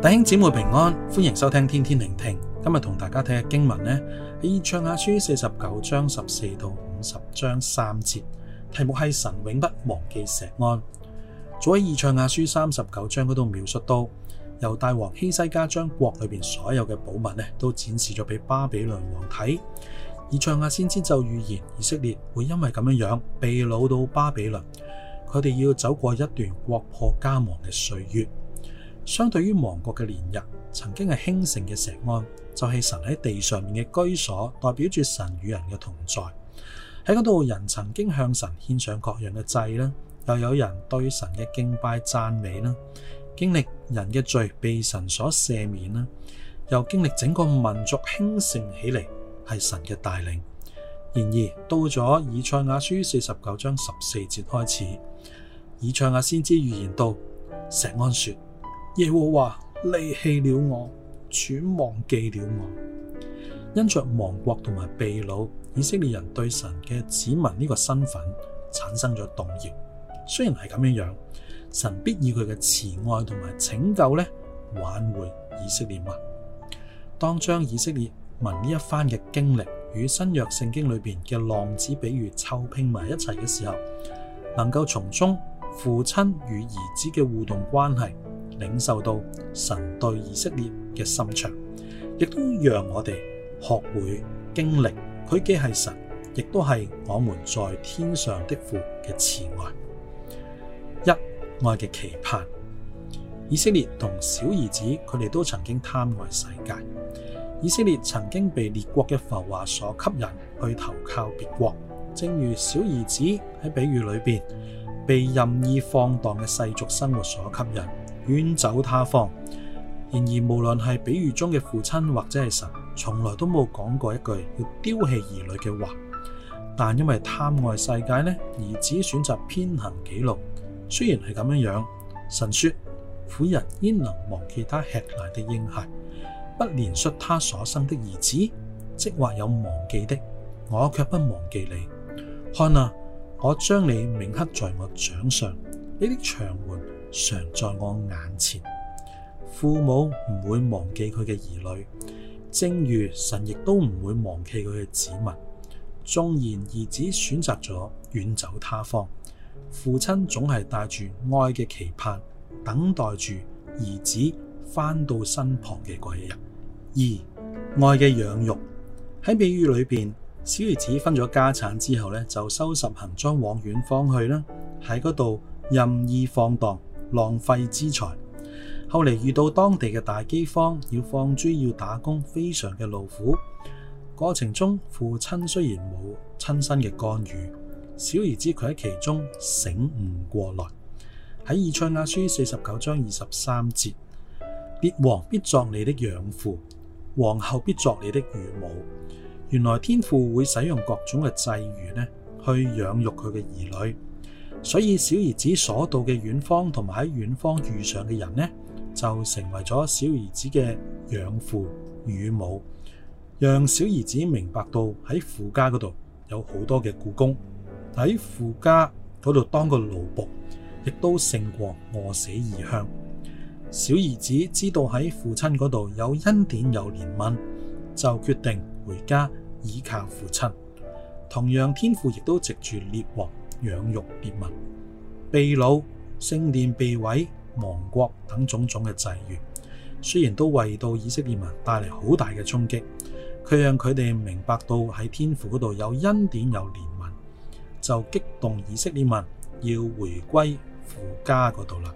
弟兄姊妹平安，歡迎收聽天天靈聽。今日同大家睇下經文呢喺《以賽亞書四十九章十四到五十章三節》，題目係神永不忘記錫安。早喺以賽亞書三十九章嗰度描述到，猶大王希西家將國裏邊所有嘅寶物咧，都展示咗俾巴比倫王睇。以賽亞先知就預言，以色列會因為咁樣樣被擄到巴比倫，佢哋要走過一段國破家亡嘅歲月。相對於亡國嘅年日，曾經係興盛嘅錫安，就係神喺地上面嘅居所，代表住神與人嘅同在。喺嗰度，人曾經向神獻上各樣嘅祭啦，又有人對神嘅敬拜讚美啦，經歷人嘅罪被神所赦免啦，又經歷整個民族興盛起嚟係神嘅帶領。然而到咗以賽亞書四十九章十四節開始，以賽亞先知預言到錫安說。耶和華離棄了我，主忘記了我。因着亡國同埋被擄，以色列人對神嘅子民呢個身份產生咗動搖。雖然係咁樣樣，神必以佢嘅慈愛同埋拯救呢挽回以色列民。當將以色列民呢一番嘅經歷與新約聖經裏邊嘅浪子比喻湊拼埋一齊嘅時候，能夠從中父親與兒子嘅互動關係。領受到神對以色列嘅心腸，亦都讓我哋學會經歷佢既係神，亦都係我們在天上的父嘅慈愛。一愛嘅期盼。以色列同小兒子，佢哋都曾經貪愛世界。以色列曾經被列國嘅浮華所吸引，去投靠別國，正如小兒子喺比喻裏邊被任意放蕩嘅世俗生活所吸引。遠走他方。然而，無論係比喻中嘅父親或者係神，從來都冇講過一句要丟棄兒女嘅話。但因為貪愛世界呢，兒子選擇偏行己路。雖然係咁樣樣，神說：婦人焉能忘記她吃奶的嬰孩？不憐恤她所生的兒子，即或有忘記的，我卻不忘記你。看哪，我將你銘刻在我掌上，你的牆垣。常在我眼前，父母唔會忘記佢嘅兒女，正如神亦都唔會忘記佢嘅子民。縱然兒子選擇咗遠走他方，父親總係帶住愛嘅期盼，等待住兒子翻到身旁嘅嗰一日。二、愛嘅養育喺比喻裏邊，小兒子分咗家產之後咧，就收拾行裝往遠方去啦。喺嗰度任意放蕩。浪費資財，後嚟遇到當地嘅大饑荒，要放豬，要打工，非常嘅勞苦。過程中，父親雖然冇親身嘅干預，小兒子佢喺其中醒悟過來。喺以賽亞書四十九章二十三節，列王必作你的養父，王后必作你的乳母。原來天父會使用各種嘅際遇咧，去養育佢嘅兒女。所以小兒子所到嘅遠方同埋喺遠方遇上嘅人呢，就成為咗小兒子嘅養父乳母，讓小兒子明白到喺父家嗰度有好多嘅僱工，喺父家嗰度當個奴僕，亦都勝過餓死異鄉。小兒子知道喺父親嗰度有恩典有憐憫，就決定回家倚靠父親。同樣，天父亦都藉住列王。養育列民，被擄、聖殿被毀、亡國等種種嘅際遇，雖然都為到以色列民帶嚟好大嘅衝擊，佢讓佢哋明白到喺天父嗰度有恩典有憐憫，就激動以色列民要回歸父家嗰度啦。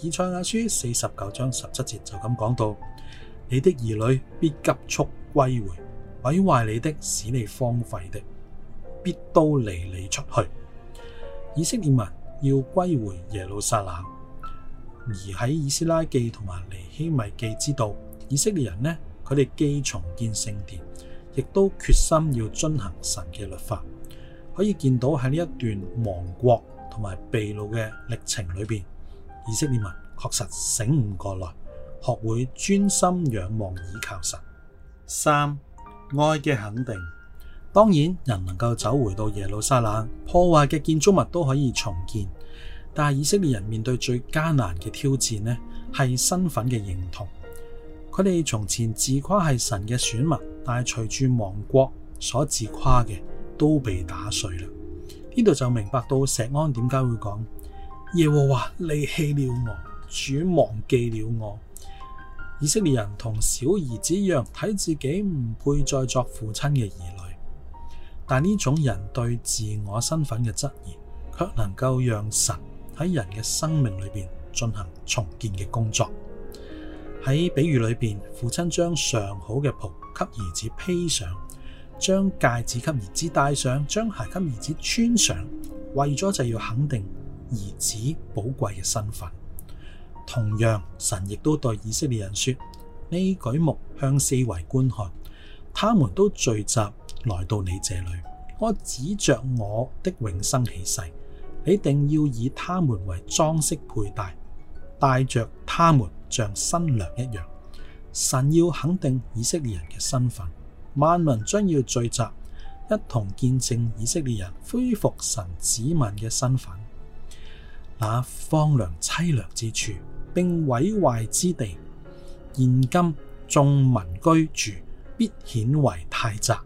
以賽亞書四十九章十七節就咁講到：你的兒女必急速歸回，毀壞你的，使你荒廢的，必都離你出去。以色列民要歸回耶路撒冷，而喺《以斯拉記》同埋《尼希米記》知道，以色列人呢，佢哋既重建聖殿，亦都決心要遵行神嘅律法。可以見到喺呢一段亡國同埋被擄嘅歷程裏邊，以色列民確實醒悟過來，學會專心仰望倚靠神。三愛嘅肯定。當然，人能夠走回到耶路撒冷，破壞嘅建築物都可以重建。但係以色列人面對最艱難嘅挑戰呢，係身份嘅認同。佢哋從前自誇係神嘅選民，但係隨住亡國所自誇嘅都被打碎啦。呢度就明白到錫安點解會講：「耶和華離棄了我，主忘記了我。」以色列人同小兒子一樣，睇自己唔配再作父親嘅兒女。但呢種人對自我身份嘅質疑，卻能夠讓神喺人嘅生命裏邊進行重建嘅工作。喺比喻裏邊，父親將上好嘅袍給兒子披上，將戒指給兒子戴上，將鞋給兒子穿上，為咗就要肯定兒子寶貴嘅身份。同樣，神亦都對以色列人說：你舉目向四圍觀看，他們都聚集，來到你這裏，我指着我的永生起誓，你定要以他們為裝飾佩戴，帶着他們，像新娘一樣。神要肯定以色列人嘅身份，萬民將要聚集，一同見證以色列人恢復神子民嘅身份。那荒涼凄涼之處，並毀壞之地，現今眾民居住必顯為太窄。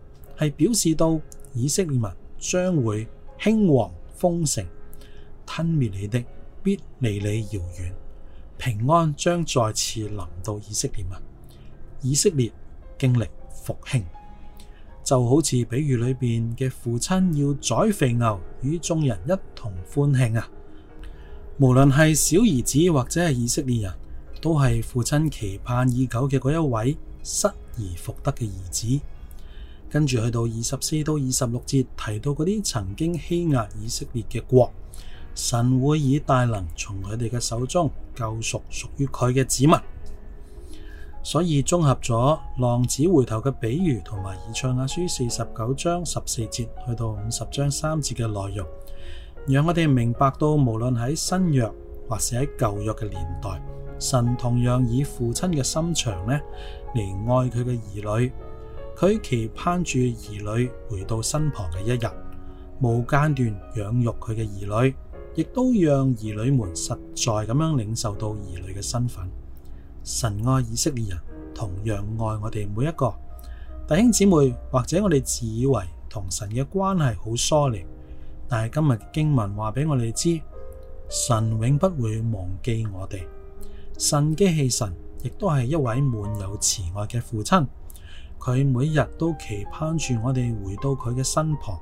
係表示到以色列民將會興旺豐盛，吞滅你的必離你遙遠，平安將再次臨到以色列民。以色列經歷復興，就好似比喻裏邊嘅父親要宰肥牛與眾人一同歡慶啊！無論係小兒子或者係以色列人，都係父親期盼已久嘅嗰一位失而復得嘅兒子。跟住去到二十四到二十六節提到嗰啲曾經欺壓以色列嘅國，神會以大能從佢哋嘅手中救贖屬於佢嘅子民。所以綜合咗浪子回頭嘅比喻同埋以賽亞書四十九章十四節去到五十章三節嘅內容，讓我哋明白到無論喺新約或者喺舊約嘅年代，神同樣以父親嘅心腸咧嚟愛佢嘅兒女。佢期盼住兒女回到身旁嘅一日，無間斷養育佢嘅兒女，亦都讓兒女們實在咁樣領受到兒女嘅身份。神愛以色列人，同樣愛我哋每一個。弟兄姊妹，或者我哋自以為同神嘅關係好疏離，但係今日經文話俾我哋知，神永不會忘記我哋。神既是神，亦都係一位滿有慈愛嘅父親。佢每日都期盼住我哋回到佢嘅身旁，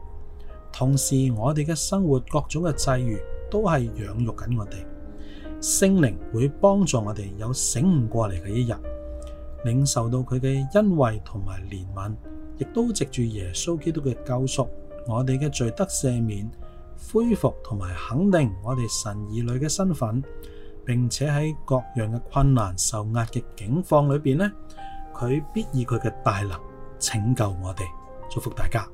同時我哋嘅生活各種嘅際遇都係養育緊我哋。聖靈會幫助我哋有醒悟過嚟嘅一日，領受到佢嘅恩惠同埋憐憫，亦都藉住耶穌基督嘅救贖，我哋嘅罪得赦免，恢復同埋肯定我哋神兒女嘅身份，並且喺各樣嘅困難、受壓嘅境況裏邊呢，佢必以佢嘅大能拯救我哋，祝福大家。